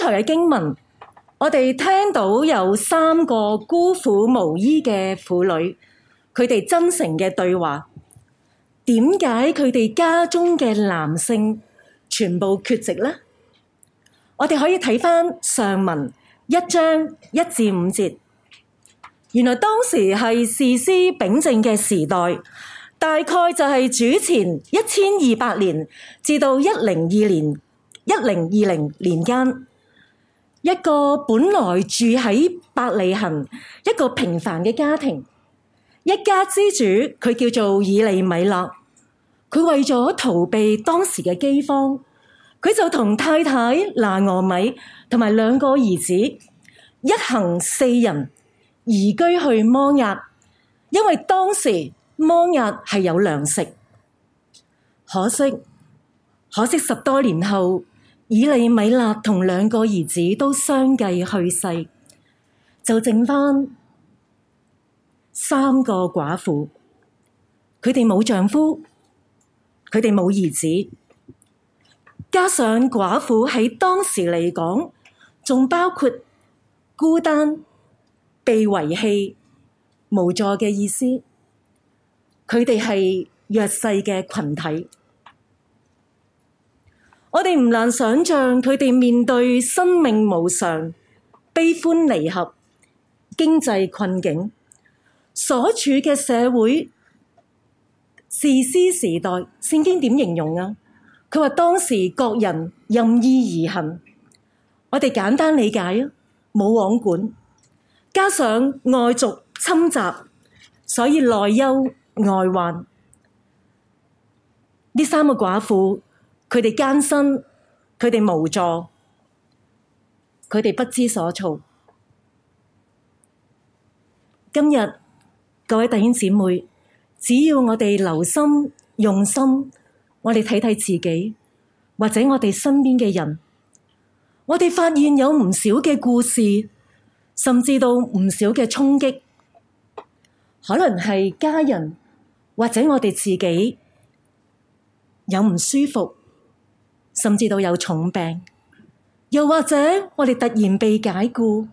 才嘅經文，我哋聽到有三個孤苦無依嘅婦女，佢哋真誠嘅對話。點解佢哋家中嘅男性全部缺席呢？我哋可以睇返上文一章一至五節。原來當時係士師秉政嘅時代，大概就係主前一千二百年至到一零二年一零二零年間。一個本來住喺伯利恆，一個平凡嘅家庭，一家之主佢叫做以利米勒，佢為咗逃避當時嘅饑荒，佢就同太太拿俄米同埋兩個兒子一行四人移居去摩押，因為當時摩押係有糧食，可惜可惜十多年後。以利米勒同兩個兒子都相繼去世，就剩返三個寡婦。佢哋冇丈夫，佢哋冇兒子，加上寡婦喺當時嚟講，仲包括孤單、被遺棄、無助嘅意思。佢哋係弱勢嘅群體。我哋唔難想象，佢哋面對生命無常、悲歡離合、經濟困境，所處嘅社會士師時代，聖經點形容啊？佢話當時各人任意而行，我哋簡單理解啊，冇王管，加上外族侵襲，所以內憂外患。呢三個寡婦。佢哋艱辛，佢哋無助，佢哋不知所措。今日各位弟兄姐妹，只要我哋留心、用心，我哋睇睇自己，或者我哋身邊嘅人，我哋發現有唔少嘅故事，甚至到唔少嘅衝擊，可能係家人或者我哋自己有唔舒服。甚至到有重病，又或者我哋突然被解雇、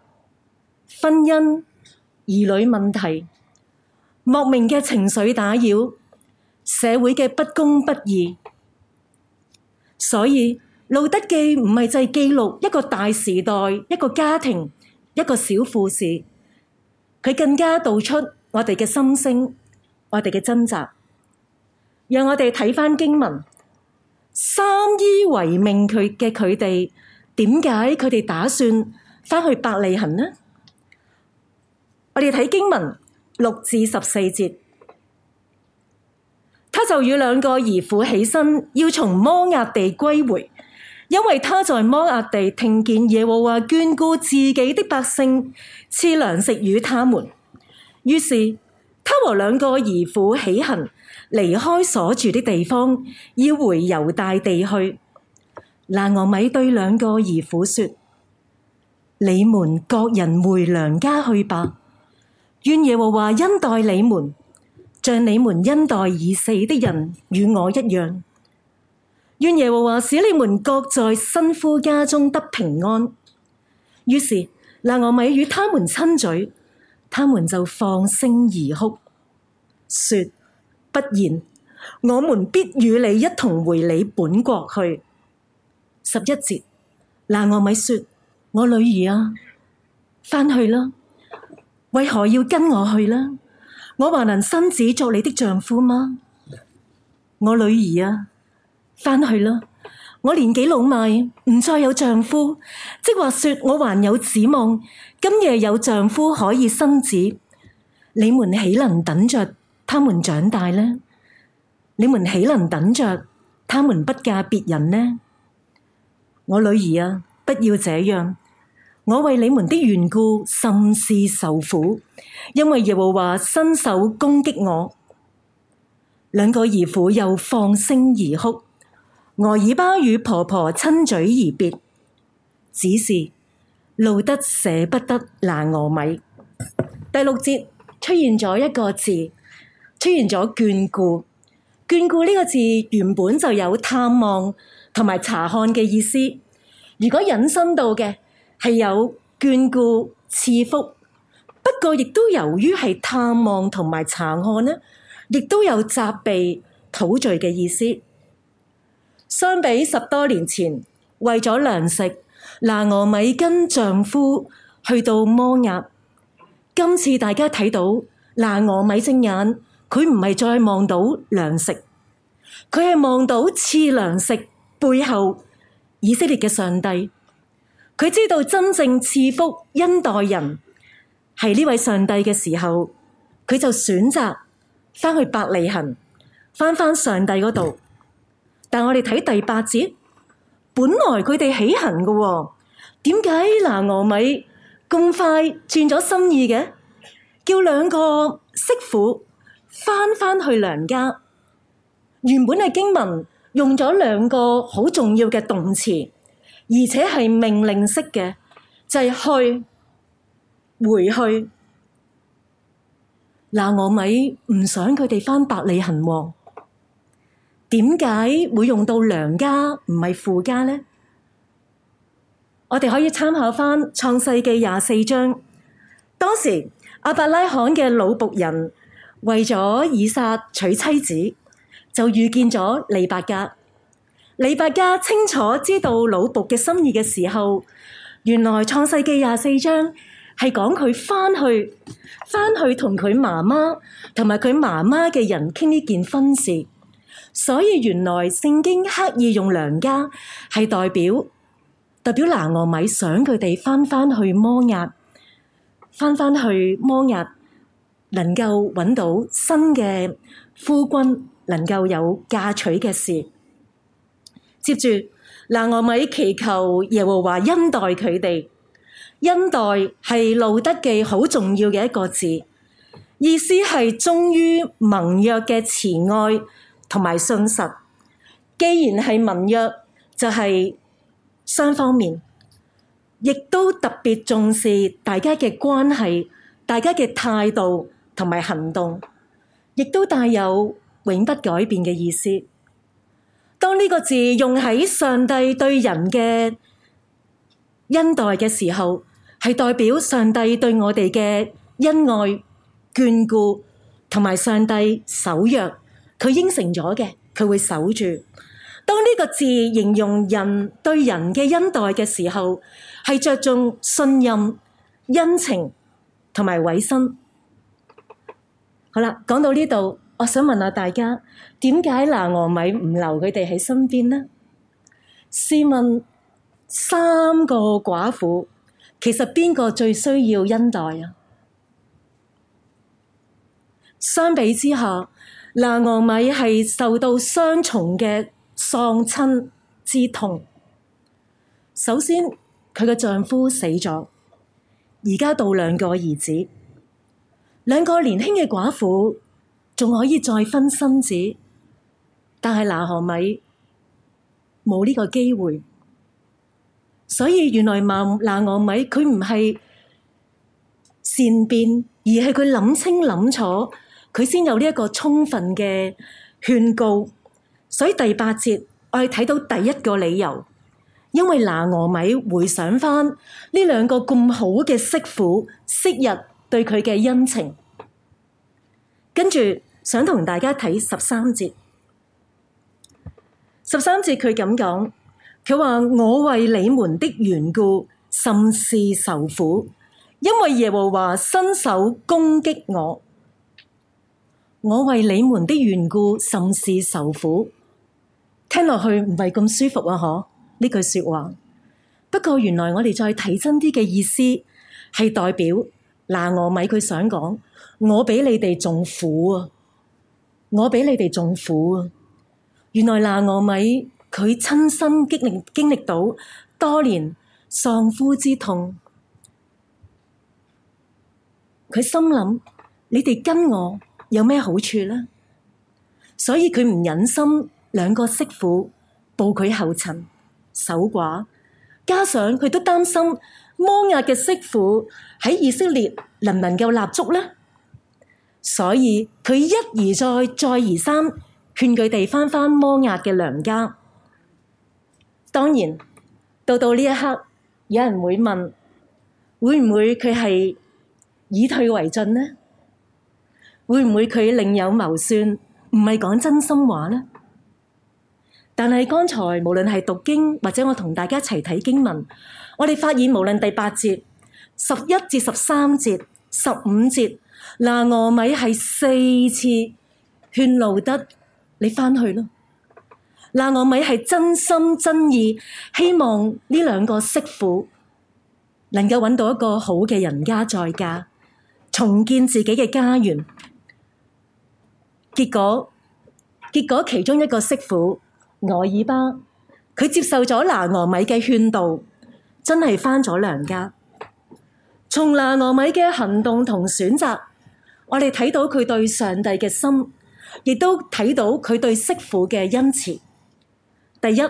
婚姻、兒女問題、莫名嘅情緒打擾、社會嘅不公不義，所以路得記唔係就係記錄一個大時代、一個家庭、一個小故事，佢更加道出我哋嘅心聲、我哋嘅掙扎。讓我哋睇翻經文。三姨為命佢嘅，佢哋點解佢哋打算返去伯利恆呢？我哋睇經文六至十四節，他就與兩個兒婦起身，要從摩押地歸回，因為他在摩押地聽見耶和華眷顧自己的百姓，賜糧食與他們，於是他和兩個兒婦起行。離開所住的地方，要回猶大地去。拿俄米對兩個兒婦說：你們各人回娘家去吧。願耶和華恩待你們，像你們恩待已死的人與我一樣。願耶和華使你們各在新夫家中得平安。於是拿俄米與他們親嘴，他們就放聲而哭，說。不然，我們必與你一同回你本國去。十一節，嗱，我咪說，我女兒啊，返去啦。為何要跟我去呢？我還能生子作你的丈夫嗎？我女兒啊，返去啦。我年紀老邁，唔再有丈夫，即或說我還有指望，今夜有丈夫可以生子。你們豈能等着.他們長大呢？你們豈能等着他們不嫁別人呢？我女兒啊，不要這樣！我為你們的緣故甚是受苦，因為耶和華伸手攻擊我。兩個兒婦又放聲而哭，俄珥巴與婆、婆婆親嘴而別，只是路得捨不得拿俄米。第六節出現咗一個字。出現咗眷顧，眷顧呢個字原本就有探望同埋查看嘅意思。如果引申到嘅係有眷顧賜福，不過亦都由於係探望同埋查看呢，亦都有責備討罪嘅意思。相比十多年前為咗糧食，拿俄米跟丈夫去到摩押，今次大家睇到拿俄米睜眼。佢唔係再望到糧食，佢係望到賜糧食背後以色列嘅上帝。佢知道真正賜福恩待人係呢位上帝嘅時候，佢就選擇返去伯利恆，返返上帝嗰度。嗯、但我哋睇第八節，本來佢哋起行嘅，哦，點解拿俄米咁快轉咗心意嘅？叫兩個媳婦。返返去娘家，原本嘅經文用咗兩個好重要嘅動詞，而且係命令式嘅，就係去、回去。拿俄米唔想佢哋返伯利恆喎。點解會用到娘家唔係父家呢？我哋可以參考返創世記廿四章，當時亞伯拉罕嘅老僕人。為咗以撒娶妻子，就遇見咗利百加。利百加清楚知道老僕嘅心意嘅時候，原來創世記廿四章係講佢返去返去同佢媽媽同埋佢媽媽嘅人傾呢件婚事。所以原來聖經刻意用娘家係代表，代表拿俄米想佢哋返返去摩押，返返去摩押。能夠揾到新嘅夫君，能夠有嫁娶嘅事。接住嗱，我咪祈求耶和華恩待佢哋。恩待係路得記好重要嘅一個字，意思係忠於盟約嘅慈愛同埋信實。既然係盟約，就係、是、雙方面，亦都特別重視大家嘅關係，大家嘅態度。同埋行動，亦都帶有永不改變嘅意思。當呢個字用喺上帝對人嘅恩待嘅時候，係代表上帝對我哋嘅恩愛、眷顧同埋上帝守約，佢應承咗嘅，佢會守住。當呢個字形容人對人嘅恩待嘅時候，係着重信任、恩情同埋委身。好啦，講到呢度，我想問下大家，點解拿俄米唔留佢哋喺身邊呢？試問三個寡婦，其實邊個最需要恩待啊？相比之下，拿俄米係受到雙重嘅喪親之痛。首先，佢嘅丈夫死咗，而家到兩個兒子。兩個年輕嘅寡婦仲可以再婚生子，但係拿俄米冇呢個機會，所以原來拿拿俄米佢唔係善變，而係佢諗清諗楚，佢先有呢一個充分嘅勸告。所以第八節我係睇到第一個理由，因為拿俄米回想返呢兩個咁好嘅媳婦昔日對佢嘅恩情。跟住想同大家睇十三節，十三節，十三節佢咁講，佢話我為你們的緣故甚是受苦，因為耶和華伸手攻擊我，我為你們的緣故甚是受苦。聽落去唔係咁舒服啊！嗬，呢句說話。不過原來我哋再睇真啲嘅意思，係代表嗱，我咪佢想講。我比你哋仲苦啊！我比你哋仲苦啊！原來拿俄米佢親身經歷經歷到多年喪夫之痛，佢心諗：你哋跟我有咩好處呢？所以佢唔忍心兩個媳婦步佢後塵守寡，加上佢都擔心摩亞嘅媳婦喺以色列能唔能夠立足呢？所以佢一而再、再而三勸佢哋返翻摩押嘅娘家。當然到到呢一刻，有人會問：會唔會佢係以退為進呢？會唔會佢另有謀算？唔係講真心話呢？但係剛才無論係讀經或者我同大家一齊睇經文，我哋發現無論第八節、十一至十三節、十五節。拿俄米係四次勸路得，你翻去咯。拿俄米係真心真意，希望呢兩個媳婦能夠揾到一個好嘅人家再嫁，重建自己嘅家園。結果，結果其中一個媳婦俄珥巴，佢接受咗拿俄米嘅勸導，真係翻咗娘家。從拿俄米嘅行動同選擇。我哋睇到佢對上帝嘅心，亦都睇到佢對媳婦嘅恩慈。第一，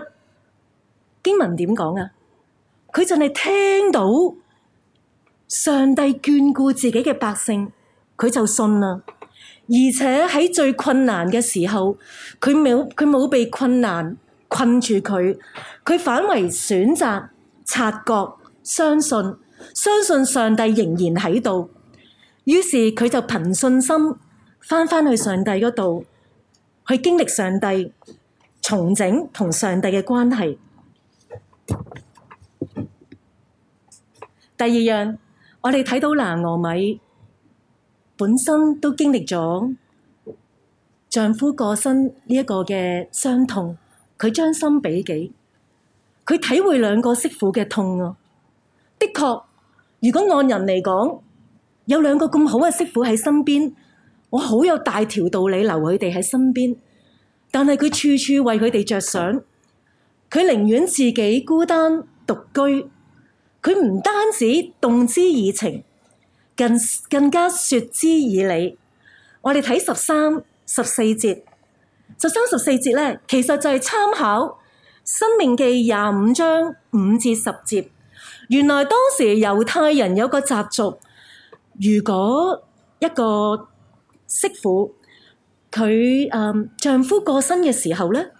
經文點講啊？佢就係聽到上帝眷顧自己嘅百姓，佢就信啦。而且喺最困難嘅時候，佢冇佢冇被困難困住佢，佢反為選擇察覺、相信，相信上帝仍然喺度。於是佢就憑信心返返去上帝嗰度，去經歷上帝重整同上帝嘅關係。第二樣，我哋睇到拿俄米本身都經歷咗丈夫過身呢一個嘅傷痛，佢將心比己，佢體會兩個媳婦嘅痛啊！的確，如果按人嚟講。有兩個咁好嘅媳婦喺身邊，我好有大條道理留佢哋喺身邊。但係佢處處為佢哋着想，佢寧願自己孤單獨居。佢唔單止動之以情，更更加說之以理。我哋睇十三十四節，十三十四節呢，其實就係參考《申命記》廿五章五至十節。原來當時猶太人有個習俗。如果一個媳婦佢，嗯，丈夫過身嘅時候咧，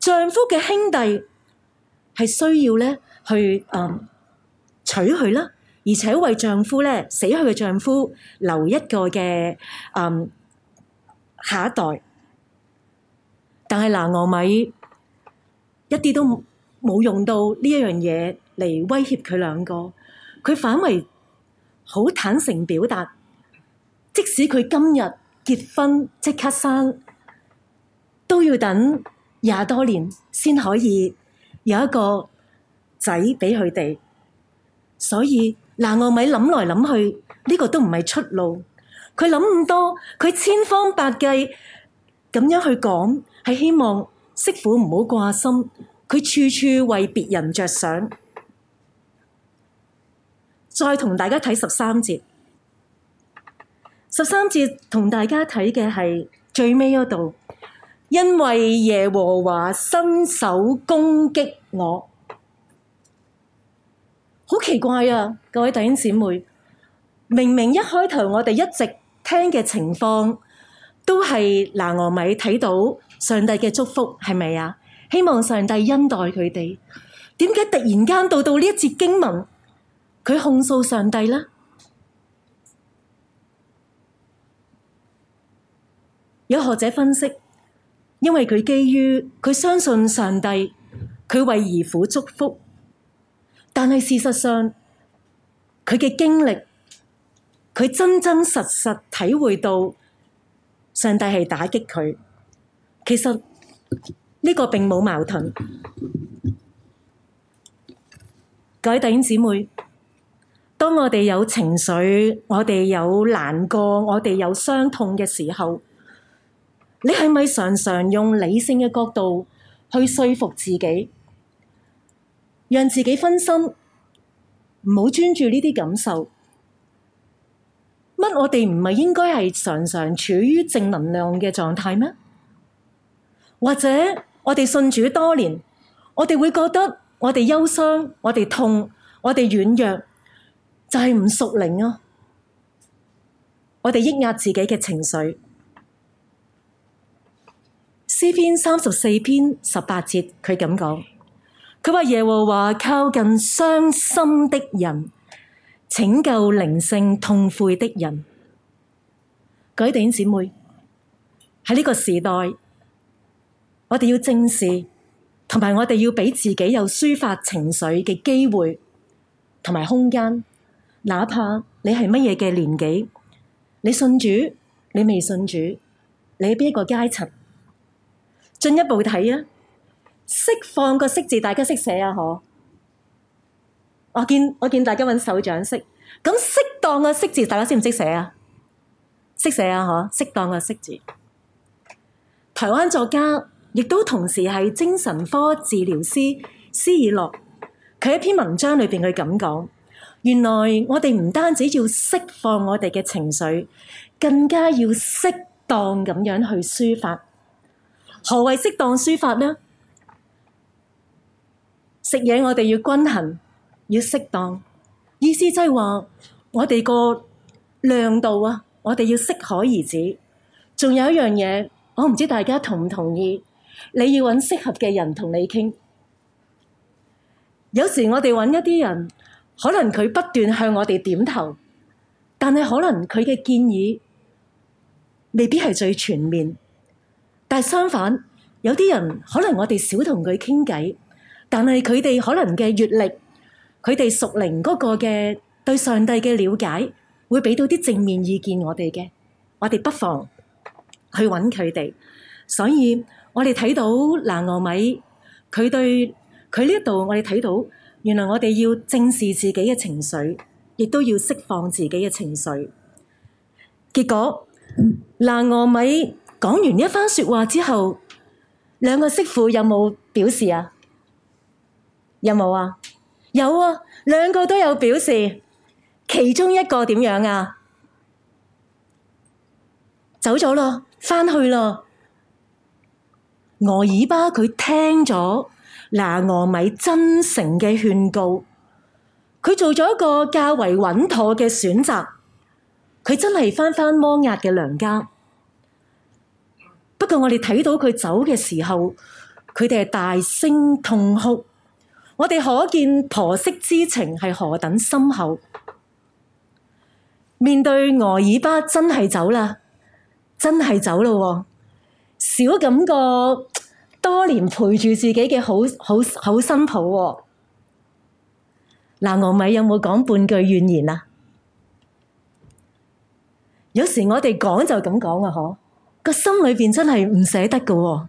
丈夫嘅兄弟係需要咧去嗯，娶佢啦，而且為丈夫咧死去嘅丈夫留一個嘅嗯下一代。但係拿俄米一啲都冇用到呢一樣嘢嚟威脅佢兩個，佢反為。好坦誠表達，即使佢今日結婚即刻生，都要等廿多年先可以有一個仔俾佢哋。所以拿俄米諗來諗去，呢個都唔係出路。佢諗咁多，佢千方百計咁樣去講，係希望媳婦唔好掛心。佢處處為別人着想。再同大家睇十三節，十三節同大家睇嘅係最尾一度，因為耶和華伸手攻擊我，好奇怪啊！各位弟兄姊妹，明明一開頭我哋一直聽嘅情況都係拿俄米睇到上帝嘅祝福，係咪啊？希望上帝恩待佢哋，點解突然間到到呢一節經文？佢控訴上帝啦，有學者分析，因為佢基於佢相信上帝，佢為兒婦祝福，但係事實上佢嘅經歷，佢真真實實體會到上帝係打擊佢，其實呢、呢個並冇矛盾，各位弟兄姊妹。當我哋有情緒，我哋有難過，我哋有傷痛嘅時候，你係咪常常用理性嘅角度去說服自己，讓自己分心，唔好專注呢啲感受？乜我哋唔係應該係常常處於正能量嘅狀態咩？或者我哋信主多年，我哋會覺得我哋憂傷，我哋痛，我哋軟弱。就係唔熟靈啊！我哋抑壓自己嘅情緒。詩篇三十四篇十八節，佢咁講：佢話耶和華靠近傷心的人，拯救靈性痛悔的人。各位弟兄姊妹喺呢個時代，我哋要正視，同埋我哋要畀自己有抒發情緒嘅機會同埋空間。哪怕你係乜嘢嘅年紀，你信主，你未信主，你喺邊一個階層？進一步睇啊，釋放個釋字，大家識寫啊？嗬，我見我見大家揾手掌識，咁適當嘅釋字，大家識唔識寫啊？識寫啊？嗬，適當嘅釋字。台灣作家亦都同時係精神科治療師斯爾諾，佢喺一篇文章裏面佢咁講。原來我哋唔單止要釋放我哋嘅情緒，更加要適當咁樣去抒發。何謂適當抒發呢？食嘢我哋要均衡，要適當。意思即係話，我哋個量度啊，我哋要適可而止。仲有一樣嘢，我唔知道大家同唔同意？你要揾適合嘅人同你傾。有時我哋揾一啲人。可能佢不斷向我哋點頭，但係可能佢嘅建議未必係最全面。但係相反，有啲人可能我哋少同佢傾偈，但係佢哋可能嘅閱歷，佢哋熟齡嗰個嘅對上帝嘅了解，會俾到啲正面意見我哋嘅。我哋不妨去揾佢哋。所以我哋睇到拿俄米，佢對佢呢一度我哋睇到。原來我哋要正視自己嘅情緒，亦都要釋放自己嘅情緒。結果，嗱拿俄米講完一番說話之後，兩個媳婦有冇表示啊？有冇啊？有啊，兩個都有表示。其中一個點樣啊？走咗咯，返去咯。俄珥巴佢聽咗拿俄米真誠嘅勸告，佢做咗一個較為穩妥嘅選擇。佢真係返返摩押嘅娘家。不過我哋睇到佢走嘅時候，佢哋係大聲痛哭。我哋可見婆媳之情係何等深厚。面對俄珥巴真係走啦，真係走啦，真係走啦，小感覺。多年陪住自己嘅好好好新抱，哦，嗱，拿俄米有冇講半句怨言啊？有時我哋講就咁講啊，嗬，個心裏邊真係唔捨得噶，哦。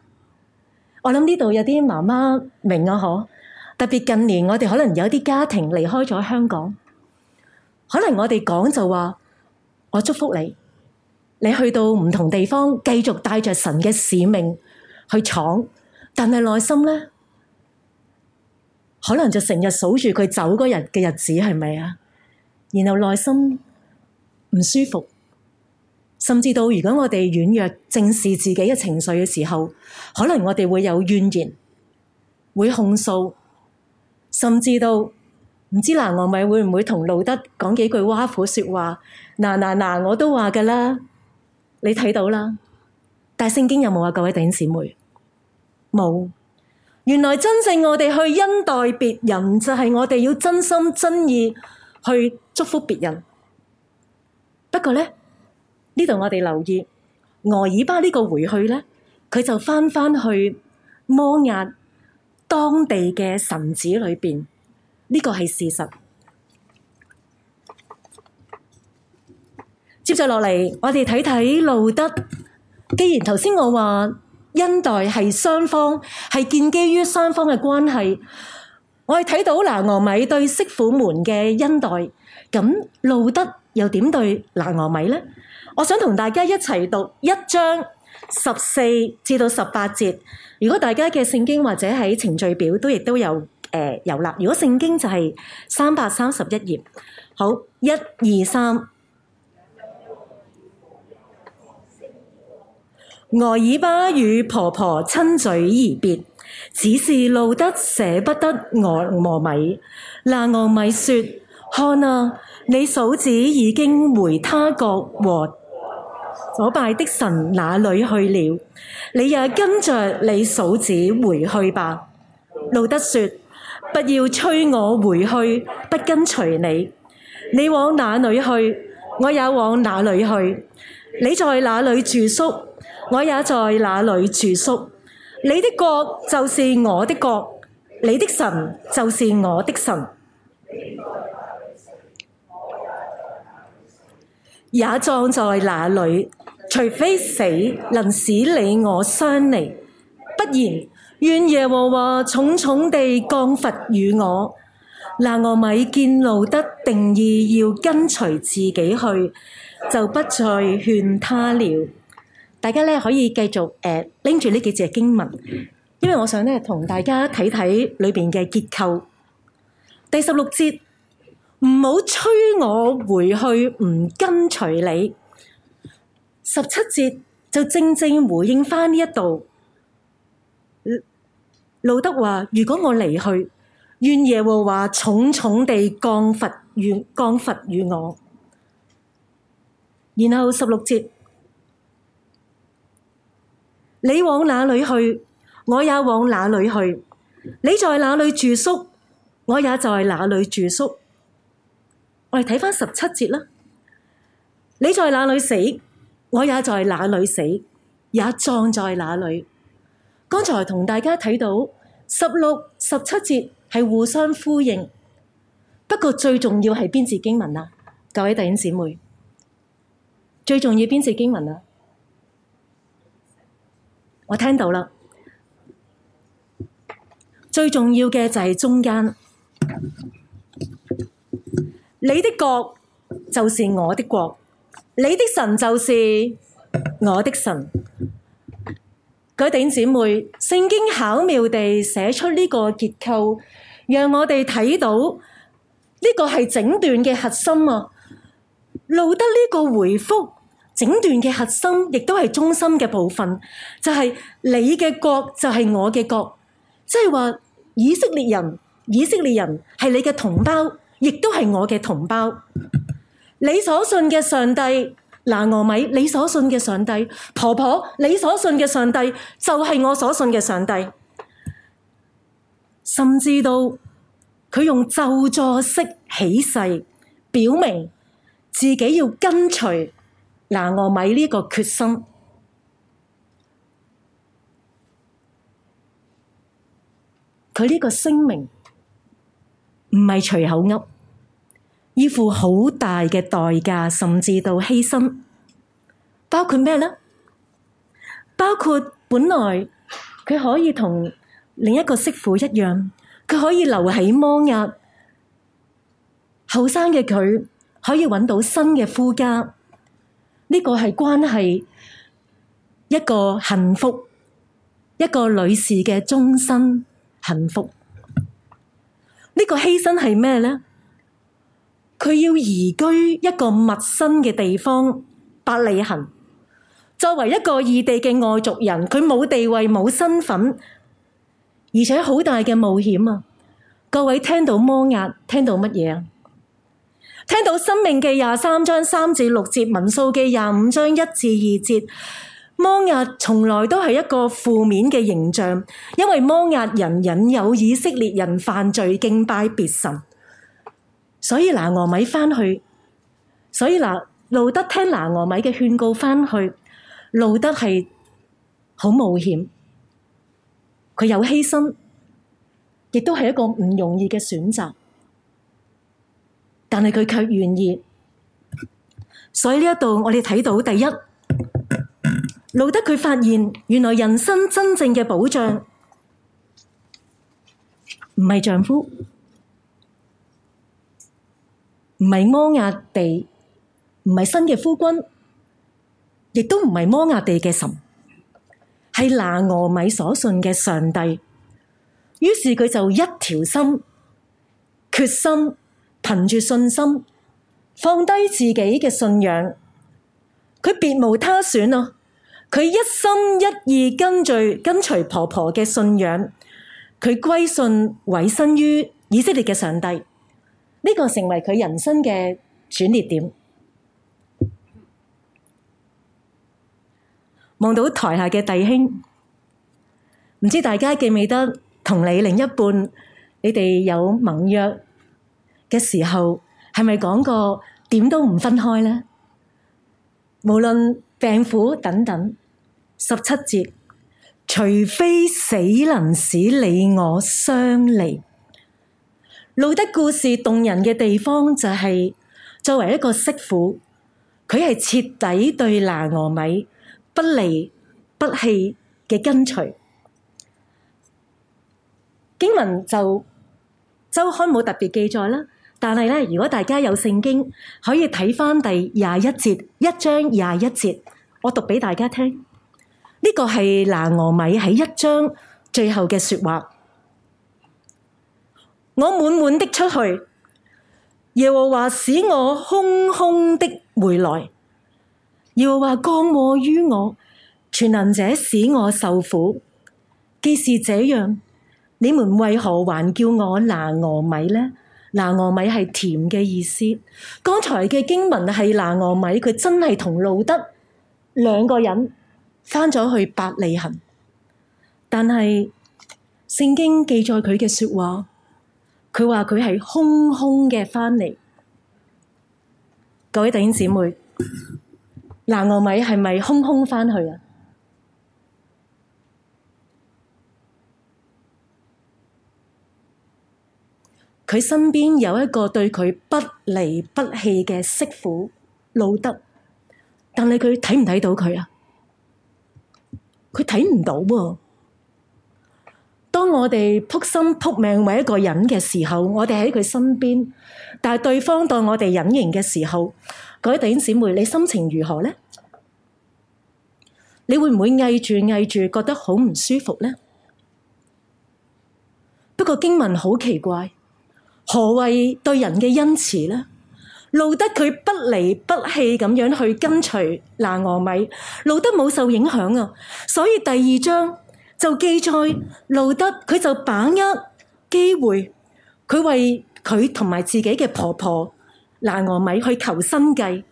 我諗呢度有啲媽媽明啊，嗬，特別近年我哋可能有啲家庭離開咗香港，可能我哋講就話我祝福你，你去到唔同地方繼續帶着神嘅使命去闖。但係內心呢，可能就成日數住佢走嗰日嘅日子，係咪啊？然後內心唔舒服，甚至到如果我哋軟弱正視自己嘅情緒嘅時候，可能我哋會有怨言，會控訴，甚至到唔知拿俄米會唔會同路得講幾句挖苦說話？嗱嗱嗱，我都話㗎啦，你睇到啦。但係聖經有冇啊？各位弟兄姊妹？冇，原來真正我哋去恩待別人，就係我哋要真心真意去祝福別人。不過咧，呢度我哋留意，俄珥巴呢個回去呢，佢就翻返去摩押當地嘅神祇裏邊，呢、這個係事實。接住落嚟，我哋睇睇路得。既然頭先我話。恩待係雙方，係建基於雙方嘅關係。我哋睇到拿俄米對媳婦們嘅恩待，咁路得又點對拿俄米呢？我想同大家一齊讀一章十四至到十八節。如果大家嘅聖經或者喺程序表都亦都有誒有立，如果聖經就係三百三十一頁。好，一二三。俄耳巴與婆婆親嘴而別，只是路得捨不得拿俄米。拿俄米說：看啊，你嫂子已經回他國和所拜的神那裏去了，你也跟着你嫂子回去吧。路得說：不要催我回去，不跟隨你。你往哪裏去，我也往哪裏去。你在哪裏住宿，我也在那裡住宿，你的國就是我的國，你的神就是我的神，也葬在那裡。除非死能使你我相離，不然願耶和華重重地降罰與我。拿俄米見路得定意要跟隨自己去，就不再勸他了。大家咧可以繼續誒拎住呢幾隻經文，因為我想咧同大家睇睇裏邊嘅結構。第十六節唔好催我回去，唔跟隨你。十七節就正正回應返呢一度。路得話：如果我離去，願耶和華重重地降罰於降罰於我。然後十六節。你往哪裏去，我也往哪裏去；你在哪裏住宿，我也在哪裏住宿。我哋睇翻十七節啦。你在哪裏死，我也在哪裏死，也葬在哪裏。剛才同大家睇到十六、十七節係互相呼應。不過最重要係邊節經文啊，各位弟兄姊妹，最重要邊節經文啊？我聽到了。最重要的就是中間。你的國就是我的國。你的神就是我的神。整段嘅核心，亦都係中心嘅部分，就係、是、你嘅國就係我嘅國，即係話以色列人，以色列人係你嘅同胞，亦都係我嘅同胞。你所信嘅上帝，拿俄米，你所信嘅上帝，婆婆，你所信嘅上帝就係、是、我所信嘅上帝。甚至到佢用咒詛式起誓，表明自己要跟隨。嗱，我米呢個決心，佢呢個聲明唔係隨口噏，要付好大嘅代價，甚至到犧牲，包括咩呢？包括本來佢可以同另一個媳婦一樣，佢可以留喺摩押，後生嘅佢可以揾到新嘅夫家。呢個係關係一個幸福，一個女士嘅終身幸福。呢個犧牲係咩呢？佢要移居一個陌生嘅地方，伯利恆。作為一個異地嘅外族人，佢冇地位、冇身份，而且好大嘅冒險啊！各位聽到摩押，聽到乜嘢啊？聽到《申命記》廿三章三至六節，《民數記》廿五章一至二節，摩押從來都係一個負面嘅形象，因為摩押人引誘以色列人犯罪，敬拜別神，所以拿俄米返去，所以嗱路得聽拿俄米嘅勸告返去，路得係好冒險，佢有犧牲，亦都係一個唔容易嘅選擇。但係佢卻願意，所以呢一度我哋睇到第一，路得佢發現原來人生真正嘅保障唔係丈夫，唔係摩押地，唔係新嘅夫君，亦都唔係摩押地嘅神，係拿俄米所信嘅上帝。於是佢就一條心，決心。憑住信心，放低自己嘅信仰，佢別無他選啊！佢一心一意跟住跟隨婆婆嘅信仰，佢歸信委身於以色列嘅上帝，呢個成為佢人生嘅轉捩點。望到台下嘅弟兄，唔知大家記唔記得同你另一半，你哋有盟約？嘅時候係咪講過點都唔分開呢？無論病苦等等，十七節，除非死能使你我相離。路得故事動人嘅地方就係作為一個媳婦，佢係徹底對拿俄米不離不棄嘅跟隨。經文就週刊冇特別記載啦。但係咧，如果大家有聖經，可以睇翻第廿一節一章廿一節，我讀畀大家聽。呢個係拿俄米喺一章最後嘅説話。我滿滿的出去，耶和華使我空空的回來。耶和華降禍於我，全能者使我受苦。既是這樣，你們為何還叫我拿俄米呢？」拿俄米係甜嘅意思。剛才嘅經文係拿俄米，佢真係同路得兩個人翻咗去伯利恆。但係聖經記載佢嘅說話，佢話佢係空空嘅翻嚟。各位弟兄姊妹，拿俄米係咪空空翻去啊？佢身邊有一個對佢不離不棄嘅媳婦路得，但係佢睇唔睇到佢啊？佢睇唔到噃。當我哋撲心撲命為一個人嘅時候，我哋喺佢身邊，但係對方當我哋隱形嘅時候，各位弟兄姊妹，你心情如何咧？你會唔會翳住翳住覺得好唔舒服咧？不過經文好奇怪。何謂對人嘅恩慈呢？路得佢不離不棄咁樣去跟隨拿俄米，路得冇受影響啊。所以第二章就記載路得佢就把握機會，佢為佢同埋自己嘅婆婆拿俄米去求生計。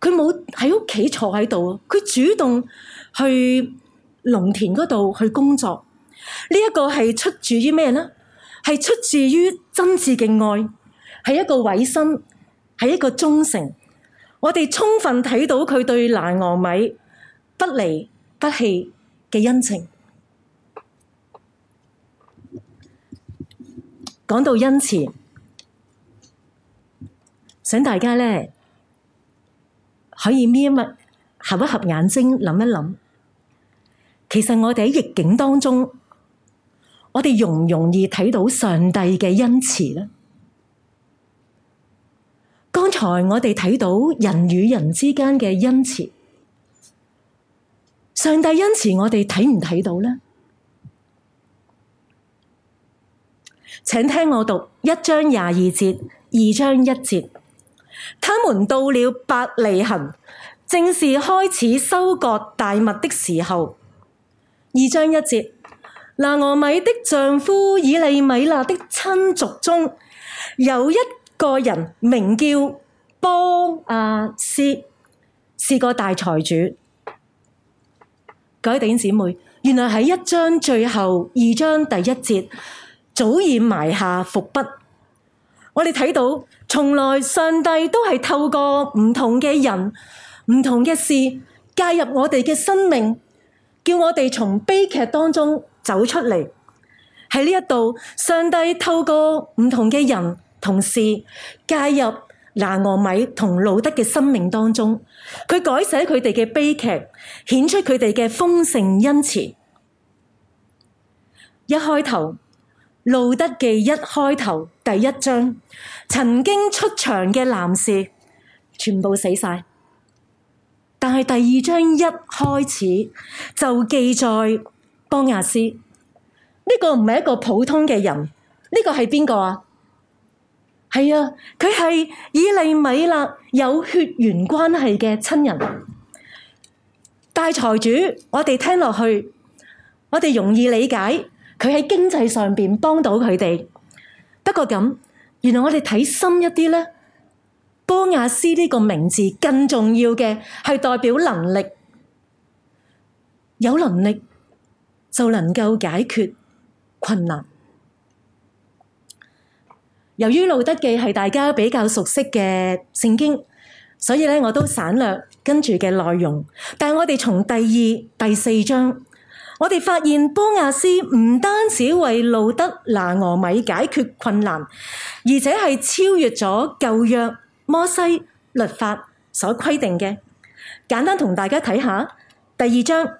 佢冇喺屋企坐喺度，佢主動去農田嗰度去工作。呢一個係出自於咩呢？係出自於真摯嘅愛，係一個偉心，係一個忠誠。我哋充分睇到佢對拿俄米不離不棄嘅恩情。講到恩情，想大家呢可以眯一眯合一合眼睛，諗一諗。其實我哋喺逆境當中。我哋容唔容易睇到上帝嘅恩慈呢？剛才我哋睇到人與人之間嘅恩慈，上帝恩慈我哋睇唔睇到呢？請聽我讀一章廿二節，二章一節。他們到了伯利恆，正是開始收割大麥的時候。二章一節。拿俄米的丈夫以利米勒的親族中，有一個人名叫波阿斯，是個大財主。各位弟兄姊妹，原來喺一章最後二章第一節，早已埋下伏筆。我哋睇到，從來上帝都係透過唔同嘅人、唔同嘅事介入我哋嘅生命，叫我哋從悲劇當中。走出。波阿斯呢個唔係一個普通嘅人，呢個係邊個啊？係啊，佢係以利米勒有血緣關係嘅親人。大財主，我哋聽落去，我哋容易理解佢喺經濟上面幫到佢哋。不過咁，原來我哋睇深一啲呢，波阿斯呢個名字更重要嘅係代表能力，有能力。就能夠解決困難。由於路得記係大家比較熟悉嘅聖經，所以呢我都省略跟住嘅內容。但我哋從第二、第四章，我哋發現波亞斯唔單止為路得拿俄米解決困難，而且係超越咗舊約摩西律法所規定嘅。簡單同大家睇下第二章，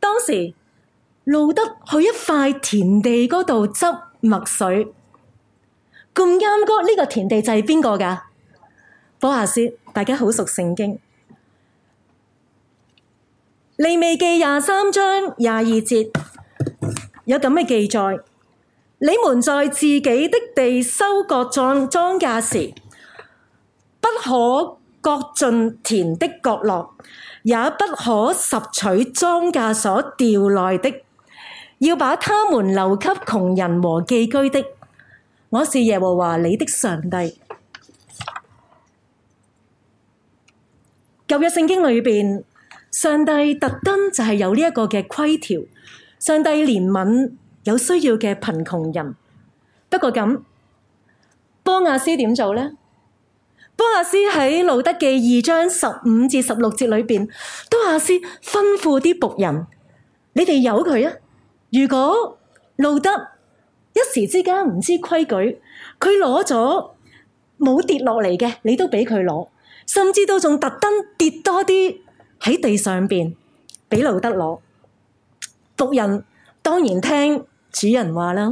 當時，路得去一塊田地嗰度執麥穗，咁啱嗰呢個田地就係邊個噶？波阿斯，大家好熟聖經， 利未記廿三章廿二節有咁嘅記載？ 你們在自己的地收割莊稼時，不可割盡田的角落，也不可拾取莊稼所掉落的。要把他們留給窮人和寄居的。我是耶和華你的上帝。舊約聖經裏邊，上帝特登就係有呢一個嘅規條。上帝憐憫有需要嘅貧窮人。不過咁，波亞斯點做呢？波亞斯喺路德記二章十五至十六節裏邊，波亞斯吩咐啲僕人：你哋由佢啊。如果路得一時之間唔知規矩，佢攞咗冇跌落嚟嘅，你都俾佢攞，甚至都仲特登跌多啲喺地上邊俾路得攞。僕人當然聽主人話啦。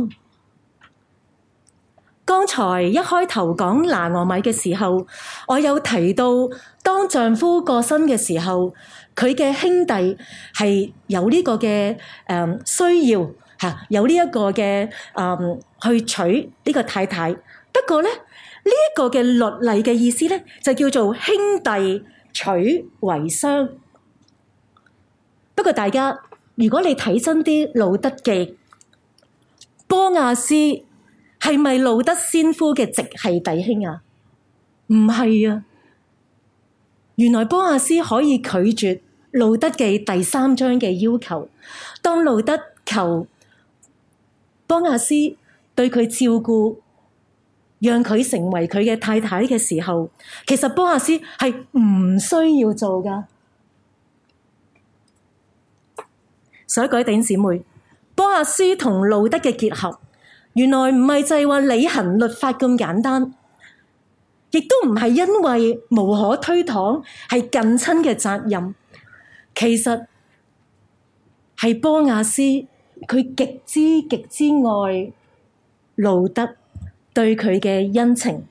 剛才一開頭講拿俄米嘅時候，我有提到當丈夫過身嘅時候。佢嘅兄弟係有呢個嘅誒、呃、需要嚇，有呢一個嘅誒、呃、去娶呢個太太。不過咧，呢、這、一個嘅律例嘅意思咧，就叫做兄弟娶遺孀。不過大家，如果你睇真啲《路得記》，波亞斯係咪路得先夫嘅直系弟兄啊？唔係啊，原來波亞斯可以拒絕。路得嘅第三章嘅要求，當路得求波亞斯對佢照顧，讓佢成為佢嘅太太嘅時候，其實波亞斯係唔需要做噶。 所以各位弟兄姊妹，波亞斯同路得嘅結合，原來唔係就係話履行律法咁簡單，亦都唔係因為無可推搪，係近親嘅責任。其實係波阿斯佢極之極之愛路得對佢嘅恩情，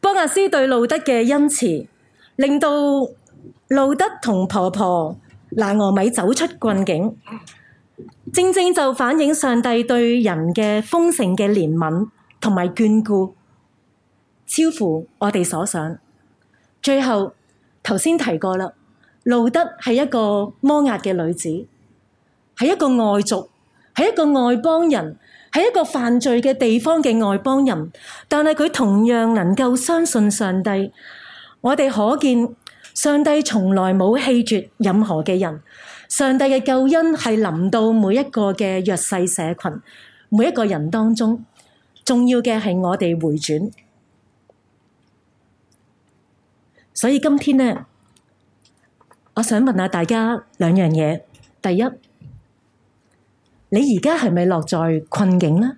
波阿斯對路得嘅恩慈，令到路得同婆婆拿俄米走出困境，正正就反映上帝對人嘅豐盛嘅憐憫同埋眷顧，超乎我哋所想。最後頭先提過啦。路得係一個摩押嘅女子，係一個外族，係一個外邦人，係一個犯罪嘅地方嘅外邦人。但係佢同樣能夠相信上帝。我哋可見上帝從來冇棄絕任何嘅人，上帝嘅救恩係臨到每一個嘅弱勢社群、每一個人當中。重要嘅係我哋回轉。所以今天呢。我想問下大家兩樣嘢，第一，你而家係咪落在困境呢？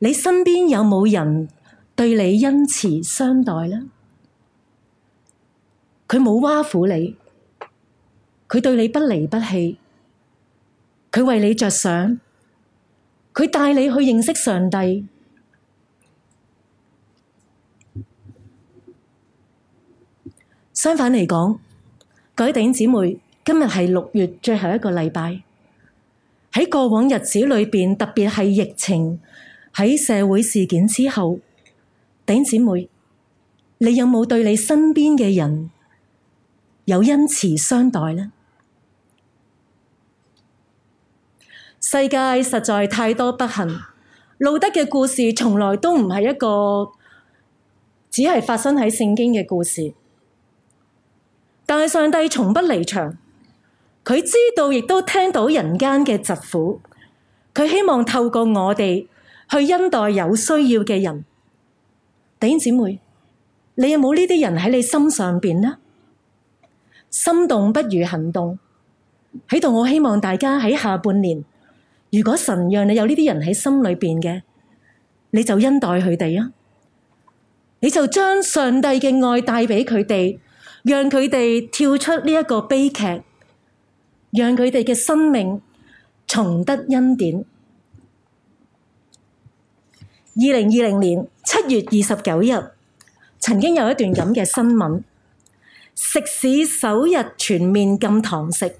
你身邊有冇人對你恩慈相待呢？佢冇挖苦你，佢對你不離不棄，佢為你着想，佢帶你去認識上帝。相反嚟講，各位弟兄姊妹，今日係六月最後一個禮拜。喺過往日子裏邊，特別係疫情喺社會事件之後，弟兄姊妹，你有冇對你身邊嘅人有恩慈相待呢？世界實在太多不幸，路得嘅故事從來都唔係一個只係發生喺聖經嘅故事。但係上帝從不離場，佢知道亦都聽到人間嘅疾苦，佢希望透過我哋去恩待有需要嘅人。弟兄姊妹，你有冇呢啲人喺你心上面呢？心動不如行動。喺度，我希望大家喺下半年，如果神讓你有呢啲人喺心裏面嘅，你就恩待佢哋啊，你就將上帝嘅愛帶畀佢哋。讓佢哋跳出呢一個悲劇，讓佢哋嘅生命重得恩典。二零二零年七月二十九日，曾經有一段咁嘅新聞：食肆首日全面禁堂食，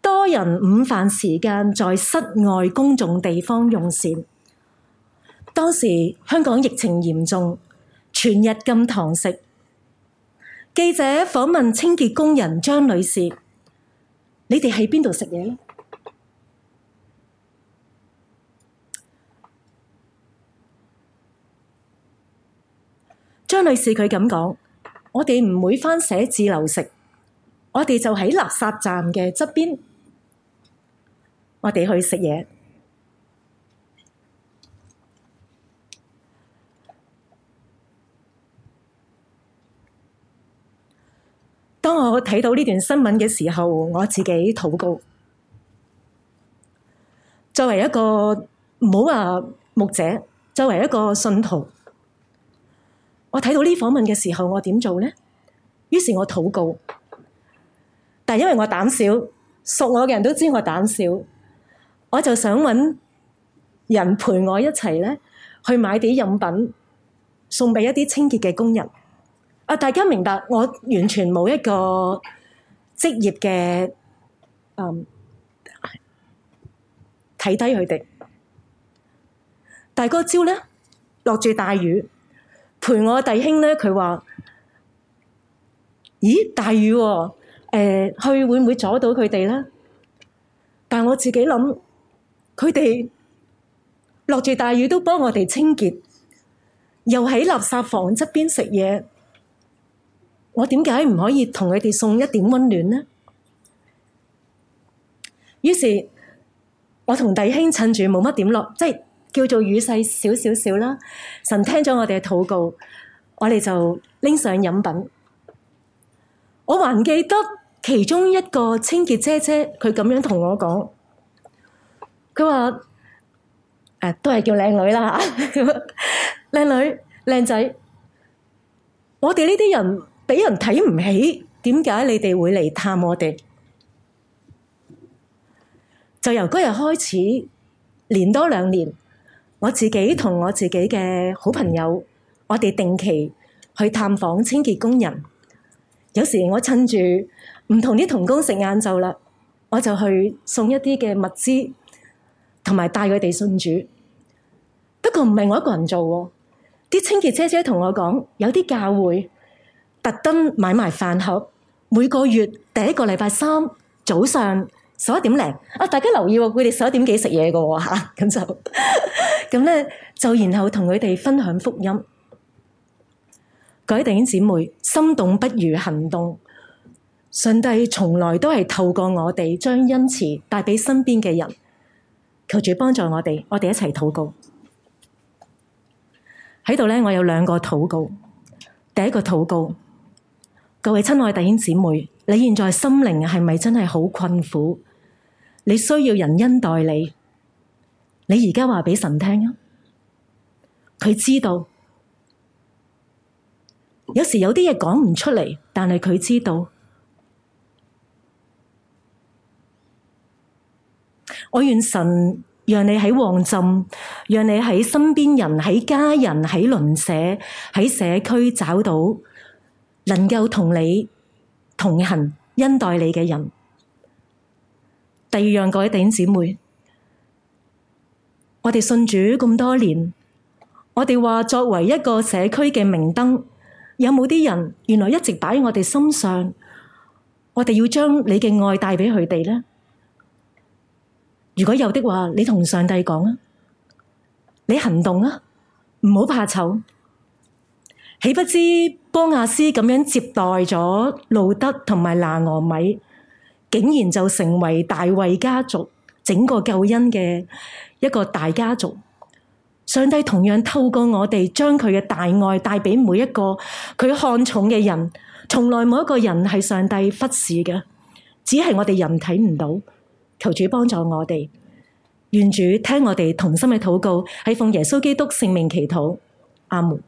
多人午飯時間在室外公眾地方用膳。當時香港疫情嚴重，全日禁堂食。記者訪問清潔工人張女士：你哋喺邊度食嘢咧？張女士佢咁講：我哋唔會返寫字樓食，我哋就喺垃圾站嘅側邊，我哋去食嘢。當我睇到呢段新聞嘅時候，我自己禱告。作為一個唔好話牧者，作為一個信徒，我睇到呢訪問嘅時候，我點做呢？於是我禱告，但因為我膽小，熟我嘅人都知道我膽小，我就想揾人陪我一齊咧，去買啲飲品送俾一啲清潔嘅工人。啊！大家明白，我完全冇一個職業嘅，嗯，睇低佢哋。但嗰朝呢，落住大雨，陪我弟兄呢，佢話：咦，大雨喎、哦，誒、呃、去會唔會阻到佢哋呢？但我自己諗，佢哋落住大雨都幫我哋清潔，又喺垃圾房側邊食嘢。我點解唔可以同佢哋送一點溫暖呢？於是，我同弟兄趁住冇乜點落，即係叫做雨勢少少少啦。神聽咗我哋嘅禱告，我哋就拎上飲品。我還記得其中一個清潔姐姐，佢咁樣同我講：佢話誒都係叫靚女啦嚇，靚女靚仔，我哋呢啲人。俾人睇唔起，點解你哋會嚟探我哋？就由嗰日開始，連多兩年，我自己同我自己嘅好朋友，我哋定期去探訪清潔工人。有時我趁住唔同啲童工食晏晝啦，我就去送一啲嘅物資，同埋帶佢哋信主。不過唔係我一個人做喎，啲清潔姐姐同我講，有啲教會。特登買埋飯盒，每個月第一個禮拜三早上十一點零、啊、大家留意、哦，佢哋十一點幾食嘢㗎喎，咁、啊、就咁咧， 就然後同佢哋分享福音。各位弟兄姊妹，心動不如行動。上帝從來都係透過我哋將恩慈帶畀身邊嘅人，求主幫助我哋，我哋一齊禱告。喺度咧，我有兩個禱告，第一個禱告。各位親愛弟兄姊妹，你現在心靈係咪真係好困苦？你需要人恩待你，你而家話畀神聽啊！佢知道，有時有啲嘢講唔出嚟，但係佢知道。我願神讓你喺旺浸，讓你喺身邊人、喺家人、喺鄰舍、喺社，社區找到，能夠同你同行、恩待你嘅人，第二樣，各位弟兄姊妹，我哋信主咁多年，我哋話作為一個社區嘅明燈，有冇啲人原來一直擺喺我哋心上？我哋要將你嘅愛帶畀佢哋呢。如果有的話，你同上帝講啊，你行動啊，唔好怕醜，豈不知？波阿斯咁樣接待咗路得同埋拿俄米，竟然就成為大衛家族整個救恩嘅一個大家族。上帝同樣透過我哋將佢嘅大愛帶俾每一個佢看重嘅人，從來冇一個人係上帝忽視嘅，只係我哋人睇唔到。求主幫助我哋，願主聽我哋同心嘅禱告，係奉耶穌基督聖名祈禱，阿門。